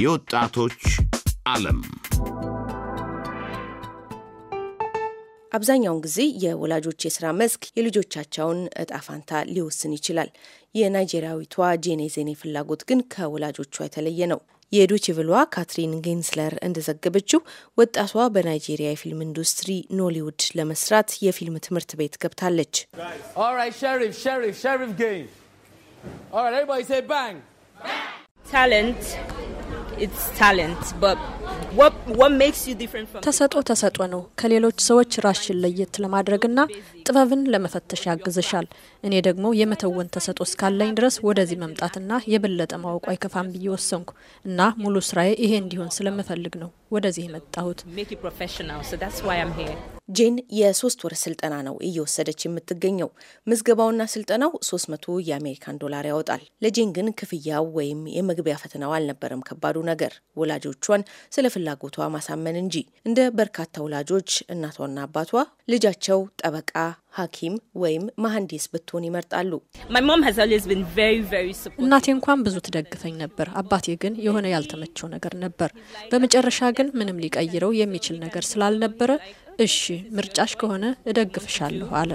የወጣቶች ዓለም አብዛኛውን ጊዜ የወላጆች የስራ መስክ የልጆቻቸውን እጣ ፋንታ ሊወስን ይችላል። የናይጄሪያዊቷ ጄኔ ዜኔ ፍላጎት ግን ከወላጆቿ የተለየ ነው። የዶች ቬለዋ ካትሪን ጌንስለር እንደዘገበችው ወጣቷ በናይጄሪያ የፊልም ኢንዱስትሪ ኖሊውድ ለመስራት የፊልም ትምህርት ቤት ገብታለች። ታለንት it's talent, but ተሰጦ ተሰጦ ነው። ከሌሎች ሰዎች ራሽን ለየት ለማድረግና ጥበብን ለመፈተሽ ያግዝሻል። እኔ ደግሞ የመተወን ተሰጦ እስካለኝ ድረስ ወደዚህ መምጣትና የበለጠ ማወቁ አይከፋም ብዬ ወሰንኩ እና ሙሉ ስራዬ ይሄ እንዲሆን ስለምፈልግ ነው ወደዚህ የመጣሁት። ጄን የሶስት ወር ስልጠና ነው እየወሰደች የምትገኘው። ምዝገባውና ስልጠናው ሶስት መቶ የአሜሪካን ዶላር ያወጣል። ለጄን ግን ክፍያው ወይም የመግቢያ ፈተናው አልነበረም ከባዱ ነገር ወላጆቿን ስለ ፍላጎቷ ማሳመን እንጂ። እንደ በርካታ ወላጆች እናቷና አባቷ ልጃቸው ጠበቃ፣ ሐኪም ወይም መሐንዲስ ብትሆን ይመርጣሉ። እናቴ እንኳን ብዙ ትደግፈኝ ነበር። አባቴ ግን የሆነ ያልተመቸው ነገር ነበር። በመጨረሻ ግን ምንም ሊቀይረው የሚችል ነገር ስላልነበረ እሺ ምርጫሽ ከሆነ እደግፍሻለሁ አለ።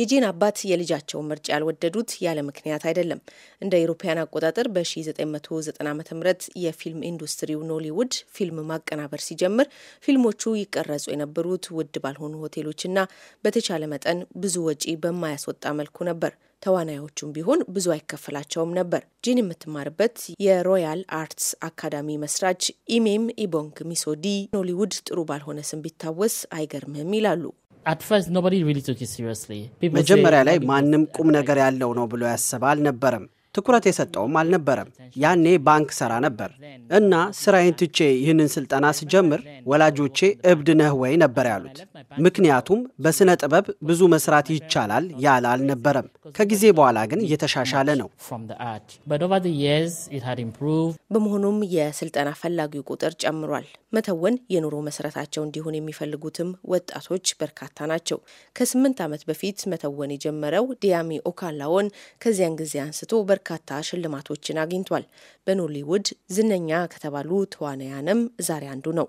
የጄን አባት የልጃቸውን ምርጫ ያልወደዱት ያለ ምክንያት አይደለም። እንደ አውሮፓውያን አቆጣጠር በ1990 ዓ ም የፊልም ኢንዱስትሪው ኖሊውድ ፊልም ማቀናበር ሲጀምር ፊልሞቹ ይቀረጹ የነበሩት ውድ ባልሆኑ ሆቴሎችና በተቻለ መጠን ብዙ ወጪ በማያስወጣ መልኩ ነበር። ተዋናዮቹም ቢሆን ብዙ አይከፈላቸውም ነበር። ጂን የምትማርበት የሮያል አርትስ አካዳሚ መስራች ኢሜም ኢቦንግ ሚሶዲ ኖሊውድ ጥሩ ባልሆነ ስም ቢታወስ አይገርምም ይላሉ። መጀመሪያ ላይ ማንም ቁም ነገር ያለው ነው ብሎ ያሰበ አልነበረም። ትኩረት የሰጠውም አልነበረም። ያኔ ባንክ ሰራ ነበር እና ስራዬን ትቼ ይህንን ስልጠና ስጀምር ወላጆቼ እብድ ነህ ወይ ነበር ያሉት። ምክንያቱም በሥነ ጥበብ ብዙ መስራት ይቻላል ያለ አልነበረም። ከጊዜ በኋላ ግን እየተሻሻለ ነው። በመሆኑም የስልጠና ፈላጊው ቁጥር ጨምሯል። መተወን የኑሮ መሰረታቸው እንዲሆን የሚፈልጉትም ወጣቶች በርካታ ናቸው። ከስምንት ዓመት በፊት መተወን የጀመረው ዲያሚ ኦካላዎን ከዚያን ጊዜ አንስቶ በርካታ ሽልማቶችን አግኝቷል። በኖሊውድ ዝነኛ ከተባሉ ተዋናያንም ዛሬ አንዱ ነው።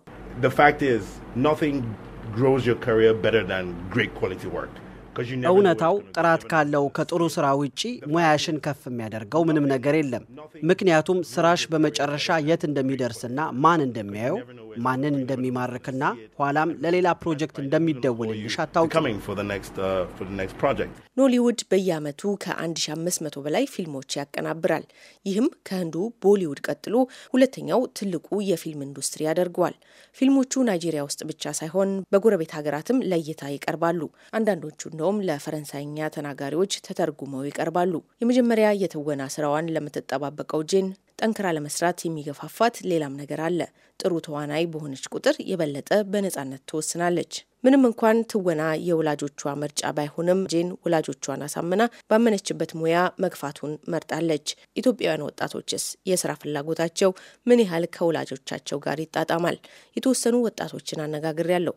እውነታው ጥራት ካለው ከጥሩ ስራ ውጪ ሙያሽን ከፍ የሚያደርገው ምንም ነገር የለም። ምክንያቱም ስራሽ በመጨረሻ የት እንደሚደርስና ማን እንደሚያየው ማንን እንደሚማርክና ኋላም ለሌላ ፕሮጀክት እንደሚደውልልሽ አታውቅም። uh, ኖሊውድ በየዓመቱ ከ1500 በላይ ፊልሞች ያቀናብራል። ይህም ከህንዱ ቦሊውድ ቀጥሎ ሁለተኛው ትልቁ የፊልም ኢንዱስትሪ ያደርገዋል። ፊልሞቹ ናይጄሪያ ውስጥ ብቻ ሳይሆን በጎረቤት ሀገራትም ለእይታ ይቀርባሉ። አንዳንዶቹ ተውነውም ለፈረንሳይኛ ተናጋሪዎች ተተርጉመው ይቀርባሉ። የመጀመሪያ የትወና ስራዋን ለምትጠባበቀው ጄን ጠንክራ ለመስራት የሚገፋፋት ሌላም ነገር አለ። ጥሩ ተዋናይ በሆነች ቁጥር የበለጠ በነጻነት ትወስናለች። ምንም እንኳን ትወና የወላጆቿ ምርጫ ባይሆንም ጄን ወላጆቿን አሳምና ባመነችበት ሙያ መግፋቱን መርጣለች። ኢትዮጵያውያን ወጣቶችስ የስራ ፍላጎታቸው ምን ያህል ከወላጆቻቸው ጋር ይጣጣማል? የተወሰኑ ወጣቶችን አነጋግሬያለሁ።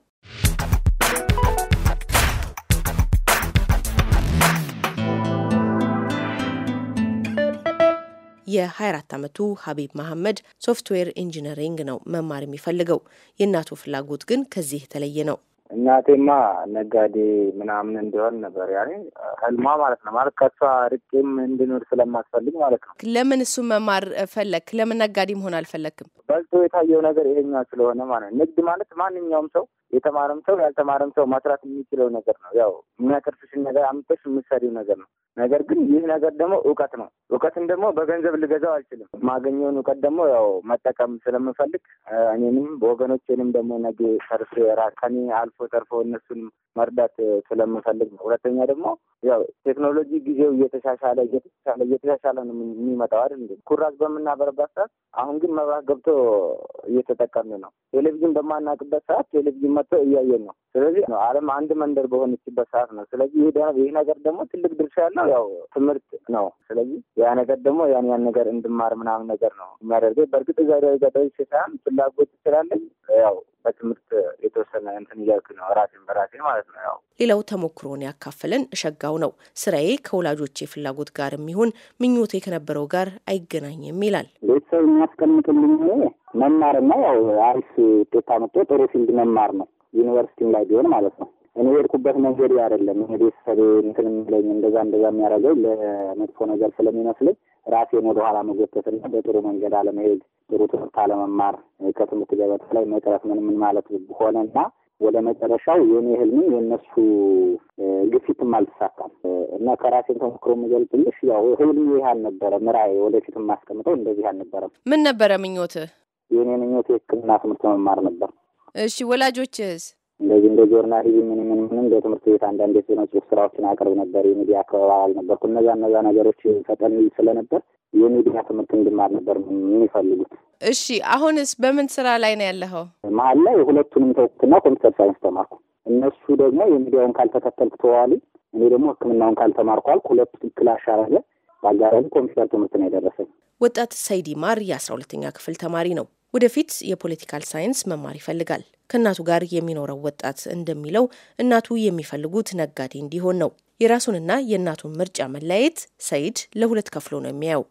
የ24 ዓመቱ ሀቢብ መሐመድ ሶፍትዌር ኢንጂነሪንግ ነው መማር የሚፈልገው። የእናቱ ፍላጎት ግን ከዚህ የተለየ ነው። እናቴማ ነጋዴ ምናምን እንዲሆን ነበር ያኔ ህልሟ ማለት ነው። ማለት ከሷ ርቄም እንድኖር ስለማስፈልግ ማለት ነው። ለምን እሱ መማር ፈለክ? ለምን ነጋዴ መሆን አልፈለክም? በልቶ የታየው ነገር ይሄኛ ስለሆነ ማለት ነው። ንግድ ማለት ማንኛውም ሰው የተማረም ሰው ያልተማረም ሰው ማስራት የሚችለው ነገር ነው። ያው የሚያተርፍሽን ነገር አምጠሽ የምትሰሪው ነገር ነው። ነገር ግን ይህ ነገር ደግሞ እውቀት ነው። እውቀትን ደግሞ በገንዘብ ልገዛው አልችልም። የማገኘውን እውቀት ደግሞ ያው መጠቀም ስለምፈልግ እኔንም በወገኖቼንም ደግሞ ነገ ተርፌ ራሳኔ አልፎ ተርፎ እነሱን መርዳት ስለምፈልግ ነው። ሁለተኛ ደግሞ ያው ቴክኖሎጂ ጊዜው እየተሻሻለ እየተሻሻለ እየተሻሻለ ነው የሚመጣው አይደል እንዴ? ኩራዝ በምናበረባት ሰዓት አሁን ግን መብራት ገብቶ እየተጠቀምን ነው። ቴሌቪዥን በማናቅበት ሰዓት ቴሌቪዥን መጥተው እያየን ነው። ስለዚህ ዓለም አንድ መንደር በሆነችበት ሰዓት ነው። ስለዚህ ይህ ነገር ደግሞ ትልቅ ድርሻ ያለው ያው ትምህርት ነው። ስለዚህ ያ ነገር ደግሞ ያን ያን ነገር እንድማር ምናምን ነገር ነው የሚያደርገኝ። በእርግጥ እዛ ጋጠች ሳይሆን ፍላጎት ይችላለኝ ያው በትምህርት የተወሰነ እንትን እያልክ ነው ራሴን በራሴ ማለት ነው። ያው ሌላው ተሞክሮን ያካፈለን እሸጋው ነው። ስራዬ ከወላጆቼ ፍላጎት ጋር የሚሆን ምኞቴ ከነበረው ጋር አይገናኝም ይላል። ቤተሰብ የሚያስቀምጥልኝ መማርና ያው አሪፍ ውጤት አምጥቶ ጥሩ ፊልድ መማር ነው። ዩኒቨርሲቲም ላይ ቢሆን ማለት ነው። እኔ የሄድኩበት መንገድ አይደለም። እኔ ቤተሰብ እንትን የሚለኝ እንደዛ እንደዛ የሚያደርገኝ ለመጥፎ ነገር ስለሚመስለኝ ራሴን ወደኋላ መጎተትና በጥሩ መንገድ አለመሄድ፣ ጥሩ ትምህርት አለመማር፣ ከትምህርት ገበታ ላይ መቅረት ምን ምን ማለት ሆነ ሆነና ወደ መጨረሻው የኔ ህልምም የእነሱ ግፊትም አልተሳካም እና ከራሴን ተሞክሮ የምገልጽልሽ ያው ህልም ይህ አልነበረም። ራዕይ ወደፊትም ማስቀምጠው እንደዚህ አልነበረም። ምን ነበረ ምኞትህ? የእኔ ምኞት የሕክምና ትምህርት መማር ነበር። እሺ ወላጆችስ? እንደዚህ እንደ ጆርናሊዝም ምን ምን ምንም በትምህርት ቤት አንዳንድ የስነ ጽሁፍ ስራዎችን አቅርብ ነበር። የሚዲያ አካባቢ አልነበርኩ። እነዛ እነዛ ነገሮች ፈጠን ስለነበር የሚዲያ ትምህርት እንድማር ነበር የሚፈልጉት። እሺ አሁንስ በምን ስራ ላይ ነው ያለኸው? መሀል ላይ ሁለቱንም ተውኩትና ኮምፒተር ሳይንስ ተማርኩ። እነሱ ደግሞ የሚዲያውን ካልተከተልክ ተዋሉ፣ እኔ ደግሞ ህክምናውን ካልተማርኩ አልኩ። ሁለቱ ክላሽ አረገ። በአጋራሚ ኮምፒውተር ትምህርት ነው የደረሰኝ። ወጣት ሰይዲ ማር የአስራ ሁለተኛ ክፍል ተማሪ ነው። ወደፊት የፖለቲካል ሳይንስ መማር ይፈልጋል። ከእናቱ ጋር የሚኖረው ወጣት እንደሚለው እናቱ የሚፈልጉት ነጋዴ እንዲሆን ነው። የራሱንና የእናቱን ምርጫ መለያየት ሰይድ ለሁለት ከፍሎ ነው የሚያየው።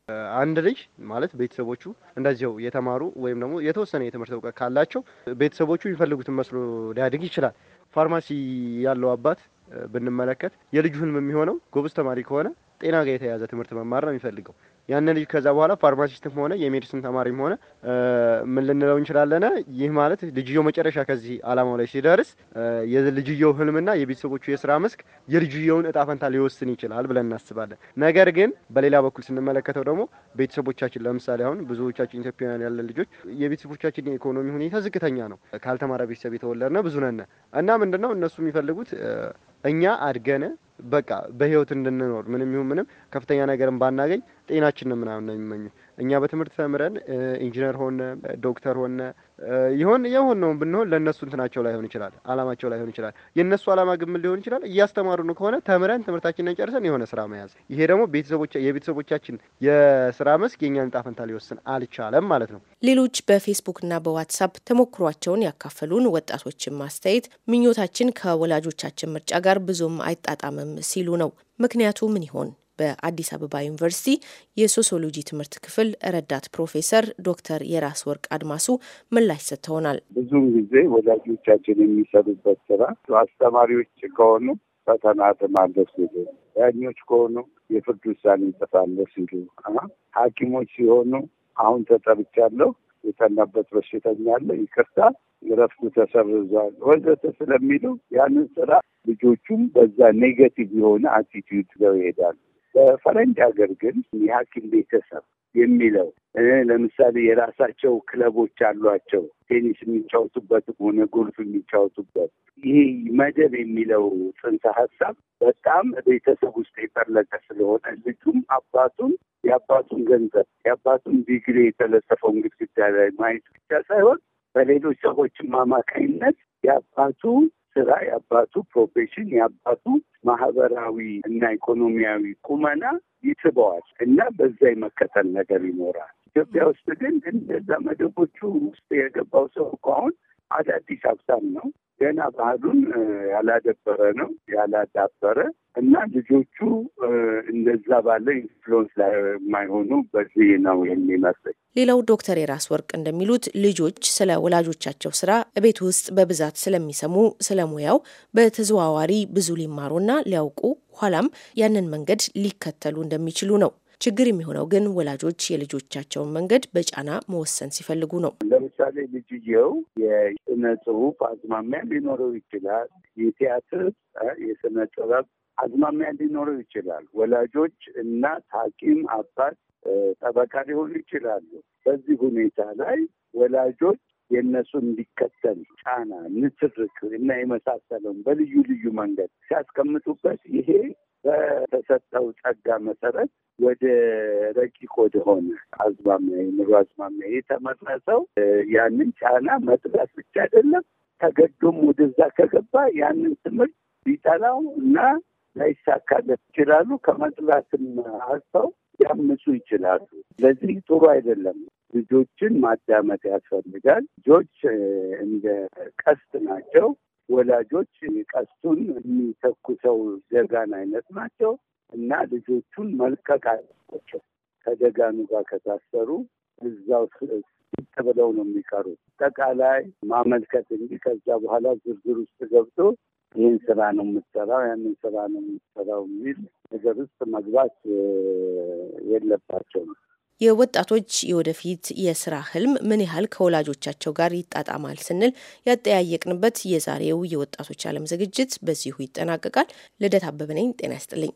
አንድ ልጅ ማለት ቤተሰቦቹ እንደዚያው የተማሩ ወይም ደግሞ የተወሰነ የትምህርት እውቀት ካላቸው ቤተሰቦቹ የሚፈልጉትን መስሎ ሊያድግ ይችላል። ፋርማሲ ያለው አባት ብንመለከት የልጁ ህልም የሚሆነው ጎበዝ ተማሪ ከሆነ ጤና ጋር የተያያዘ ትምህርት መማር ነው የሚፈልገው ያንን ልጅ ከዛ በኋላ ፋርማሲስትም ሆነ የሜዲሲን ተማሪም ሆነ ምን ልንለው እንችላለን? ይህ ማለት ልጅየው መጨረሻ ከዚህ አላማው ላይ ሲደርስ የልጅየው ህልምና የቤተሰቦቹ የስራ መስክ የልጅየውን እጣ ፈንታ ሊወስን ይችላል ብለን እናስባለን። ነገር ግን በሌላ በኩል ስንመለከተው ደግሞ ቤተሰቦቻችን ለምሳሌ አሁን ብዙዎቻችን ኢትዮጵያውያን ያለን ልጆች የቤተሰቦቻችን የኢኮኖሚ ሁኔታ ዝቅተኛ ነው። ካልተማረ ቤተሰብ የተወለድነ ብዙ ነን እና ምንድነው እነሱ የሚፈልጉት እኛ አድገነ በቃ በህይወት እንድንኖር ምንም ይሁን ምንም ከፍተኛ ነገርን ባናገኝ ጤናችንን ምናምን ነው የሚመኙ። እኛ በትምህርት ተምረን ኢንጂነር ሆነ ዶክተር ሆነ ይሆን የሆን ነው ብንሆን ለእነሱ እንትናቸው ላይሆን ይችላል፣ አላማቸው ላይሆን ይችላል። የእነሱ አላማ ግን ምን ሊሆን ይችላል? ነው ከሆነ ተምረን ትምህርታችንን ጨርሰን የሆነ ስራ መያዝ። ይሄ ደግሞ የቤተሰቦቻችን የስራ መስክ የእኛን ዕጣ ሊወስን አልቻለም ማለት ነው። ሌሎች በፌስቡክና በዋትሳፕ ተሞክሯቸውን ያካፈሉን ወጣቶችን ማስተያየት ምኞታችን ከወላጆቻችን ምርጫ ጋር ብዙም አይጣጣምም ሲሉ ነው። ምክንያቱ ምን ይሆን? በአዲስ አበባ ዩኒቨርሲቲ የሶሲዮሎጂ ትምህርት ክፍል ረዳት ፕሮፌሰር ዶክተር የራስ ወርቅ አድማሱ ምላሽ ሰጥተውናል። ብዙም ጊዜ ወላጆቻችን የሚሰሩበት ስራ አስተማሪዎች ከሆኑ ፈተና አጥማለሁ ሲሉ፣ ዳኞች ከሆኑ የፍርድ ውሳኔ ይጠፋለሁ ሲሉ፣ ሐኪሞች ሲሆኑ አሁን ተጠርቻለሁ የጠናበት በሽተኛ አለ፣ ይቅርታ እረፍቱ ተሰርዟል፣ ወዘተ ስለሚሉ ያንን ስራ ልጆቹም በዛ ኔጋቲቭ የሆነ አቲቲዩድ ይዘው ይሄዳሉ። በፈረንጅ ሀገር ግን የሐኪም ቤተሰብ የሚለው ለምሳሌ የራሳቸው ክለቦች አሏቸው። ቴኒስ የሚጫወቱበት ሆነ ጎልፍ የሚጫወቱበት ይህ መደብ የሚለው ጽንሰ ሀሳብ በጣም ቤተሰብ ውስጥ የጠለቀ ስለሆነ ልጁም አባቱን የአባቱን ገንዘብ የአባቱን ዲግሪ የተለጠፈውን ግድግዳ ላይ ማየት ብቻ ሳይሆን በሌሎች ሰዎችም አማካኝነት የአባቱ ስራ፣ የአባቱ ፕሮፌሽን፣ የአባቱ ማህበራዊ እና ኢኮኖሚያዊ ቁመና ይስበዋል እና በዛ የመከተል ነገር ይኖራል። ኢትዮጵያ ውስጥ ግን እንደዛ መደቦቹ ውስጥ የገባው ሰው እኮ አሁን አዳዲስ ሀሳብ ነው። ገና ባህሉን ያላደበረ ነው ያላዳበረ እና ልጆቹ እንደዛ ባለ ኢንፍሉንስ ላይ የማይሆኑ በዚህ ነው የሚመስለኝ። ሌላው ዶክተር የራስ ወርቅ እንደሚሉት ልጆች ስለ ወላጆቻቸው ስራ ቤት ውስጥ በብዛት ስለሚሰሙ ስለ ሙያው በተዘዋዋሪ ብዙ ሊማሩና ሊያውቁ ኋላም ያንን መንገድ ሊከተሉ እንደሚችሉ ነው። ችግር የሚሆነው ግን ወላጆች የልጆቻቸውን መንገድ በጫና መወሰን ሲፈልጉ ነው። ለምሳሌ ልጅየው የስነ ጽሁፍ አዝማሚያ ሊኖረው ይችላል። የቲያትር የስነ ጥበብ አዝማሚያ ሊኖረው ይችላል። ወላጆች እናት፣ ሐኪም፣ አባት፣ ጠበቃ ሊሆኑ ይችላሉ። በዚህ ሁኔታ ላይ ወላጆች የእነሱ እንዲከተል ጫና፣ ንትርክ እና የመሳሰለውን በልዩ ልዩ መንገድ ሲያስቀምጡበት ይሄ በተሰጠው ጸጋ መሰረት ወደ ረቂቅ ወደሆነ አዝማሚያ ኑሮ አዝማሚያ የተመረሰው ያንን ጫና መጥላት ብቻ አይደለም፣ ተገዶም ወደዛ ከገባ ያንን ትምህርት ሊጠላው እና ላይሳካለት ይችላሉ። ከመጥላትም አልፈው ሊያምፁ ይችላሉ። ስለዚህ ጥሩ አይደለም። ልጆችን ማዳመጥ ያስፈልጋል። ልጆች እንደ ቀስት ናቸው። ወላጆች ቀስቱን የሚተኩሰው ደጋን አይነት ናቸው እና ልጆቹን መልቀቅ አለባቸው። ከደጋኑ ጋር ከታሰሩ እዛው ጥ ብለው ነው የሚቀሩት። አጠቃላይ ማመልከት እንጂ ከዛ በኋላ ዝርዝር ውስጥ ገብቶ ይህን ስራ ነው የምትሰራው፣ ያንን ስራ ነው የምትሰራው የሚል ነገር ውስጥ መግባት የለባቸው ነው። የወጣቶች የወደፊት የስራ ህልም ምን ያህል ከወላጆቻቸው ጋር ይጣጣማል ስንል ያጠያየቅንበት የዛሬው የወጣቶች ዓለም ዝግጅት በዚሁ ይጠናቀቃል። ልደት አበበ ነኝ። ጤና ይስጥልኝ።